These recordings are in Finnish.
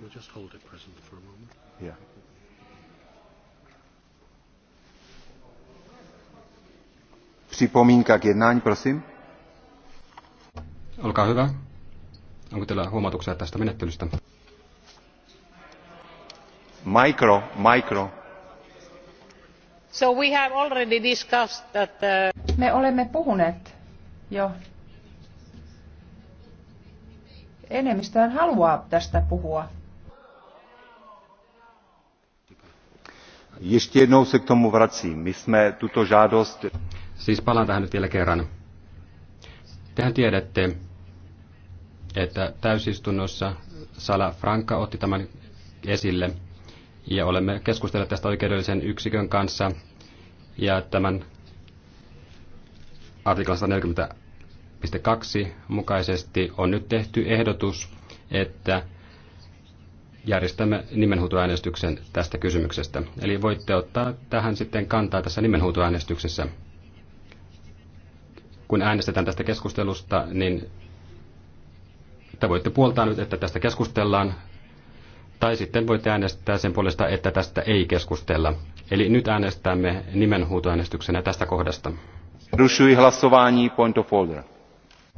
We'll just hold it present for a moment. Yeah. Připomínka k jednání, prosím. Olkaa hyvä. Onko teillä huomautuksia tästä menettelystä? Micro, micro. So we have already discussed that, uh... Me olemme puhuneet jo enemmistöhän haluaa tästä puhua. Ještě jednou se k tomu vracím. My jsme tuto žádost... Siis palaan tähän nyt vielä kerran. Tehän tiedätte, että täysistunnossa Sala Franka otti tämän esille ja olemme keskustelleet tästä oikeudellisen yksikön kanssa ja tämän artiklan 140.2 mukaisesti on nyt tehty ehdotus, että järjestämme nimenhuutoäänestyksen tästä kysymyksestä. Eli voitte ottaa tähän sitten kantaa tässä nimenhuutoäänestyksessä. Kun äänestetään tästä keskustelusta, niin te voitte puoltaa nyt, että tästä keskustellaan, tai sitten voitte äänestää sen puolesta, että tästä ei keskustella. Eli nyt äänestämme nimenhuutoäänestyksenä tästä kohdasta. Rushui hlasování point of order.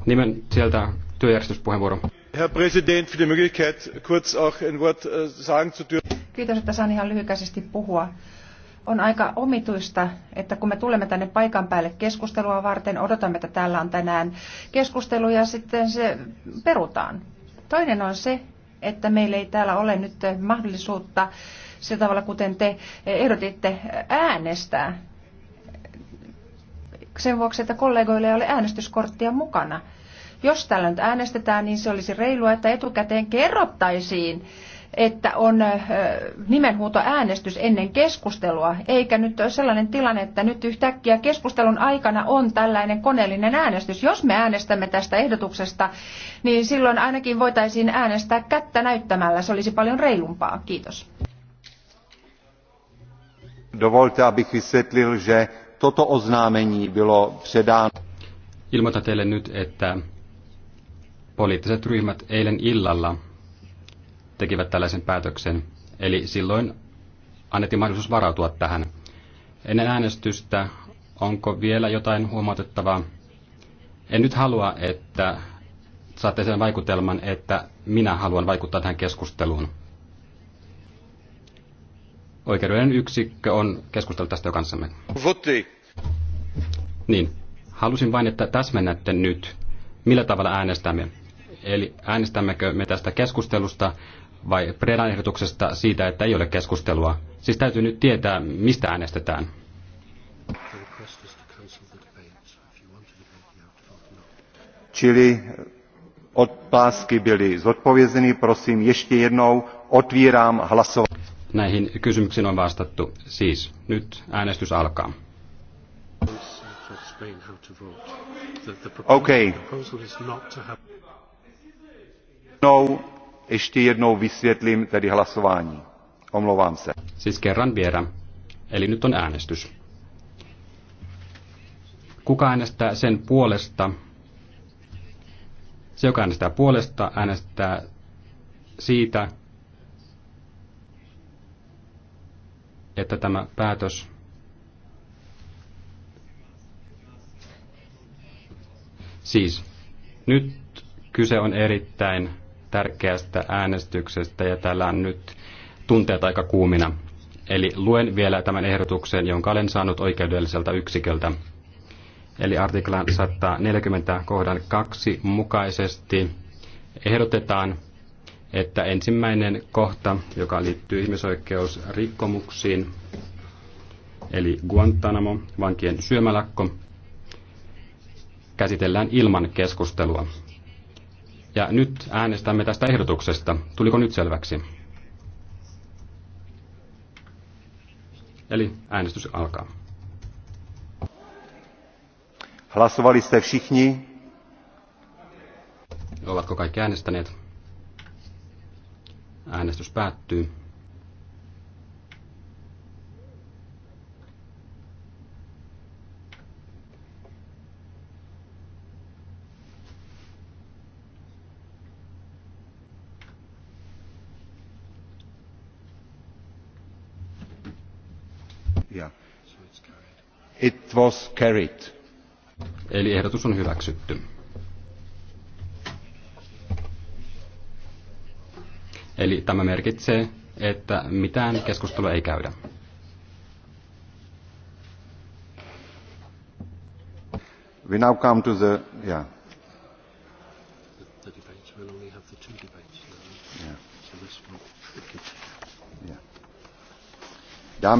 Nimen sieltä työjärjestyspuheenvuoro herr präsident für die möglichkeit kurz auch ein wort äh, sagen zu dürfen. kiitos että saan ihan lyhykäisesti puhua. On aika omituista, että kun me tulemme tänne paikan päälle keskustelua varten, odotamme, että täällä on tänään keskustelu ja sitten se perutaan. Toinen on se, että meillä ei täällä ole nyt mahdollisuutta sillä tavalla, kuten te ehdotitte, äänestää sen vuoksi, että kollegoilla ei ole äänestyskorttia mukana. Jos tällä nyt äänestetään, niin se olisi reilua, että etukäteen kerrottaisiin, että on nimenhuuto äänestys ennen keskustelua, eikä nyt ole sellainen tilanne, että nyt yhtäkkiä keskustelun aikana on tällainen koneellinen äänestys. Jos me äänestämme tästä ehdotuksesta, niin silloin ainakin voitaisiin äänestää kättä näyttämällä. Se olisi paljon reilumpaa. Kiitos. Dovolte, abych vysvetlil, že toto oznámení bylo předáno. Ilmoita teille nyt, että poliittiset ryhmät eilen illalla tekivät tällaisen päätöksen. Eli silloin annettiin mahdollisuus varautua tähän. Ennen äänestystä, onko vielä jotain huomautettavaa? En nyt halua, että saatte sen vaikutelman, että minä haluan vaikuttaa tähän keskusteluun. Oikeudellinen yksikkö on keskustellut tästä jo kanssamme. Voti. Niin. Halusin vain, että täsmennätte nyt, millä tavalla äänestämme. Eli äänestämmekö me tästä keskustelusta vai Predan ehdotuksesta siitä, että ei ole keskustelua? Siis täytyy nyt tietää, mistä äänestetään. Čili otázky byly zodpovězeny. Prosím, ještě jednou otvírám hlasování. Näihin kysymyksiin on vastattu. Siis nyt äänestys alkaa. Okay ještě jednou vysvětlím tedy hlasování. Omlouvám se. Siis kerran vielä. Eli nyt on äänestys. Kuka äänestää sen puolesta? Se, joka äänestää puolesta, äänestää siitä, että tämä päätös Siis nyt kyse on erittäin tärkeästä äänestyksestä ja täällä on nyt tunteet aika kuumina. Eli luen vielä tämän ehdotuksen, jonka olen saanut oikeudelliselta yksiköltä. Eli artiklan 140 kohdan 2 mukaisesti ehdotetaan, että ensimmäinen kohta, joka liittyy ihmisoikeusrikkomuksiin, eli Guantanamo, vankien syömälakko, käsitellään ilman keskustelua. Ja nyt äänestämme tästä ehdotuksesta. Tuliko nyt selväksi? Eli äänestys alkaa. Hlasovali ste všichni? Ovatko kaikki äänestäneet? Äänestys päättyy. It was carried. Eli ehdotus on hyväksytty. Eli tämä merkitsee, että mitään keskustelua ei käydä. We now come to the, yeah. The, debates will only have the two debates Yeah. yeah. Dámy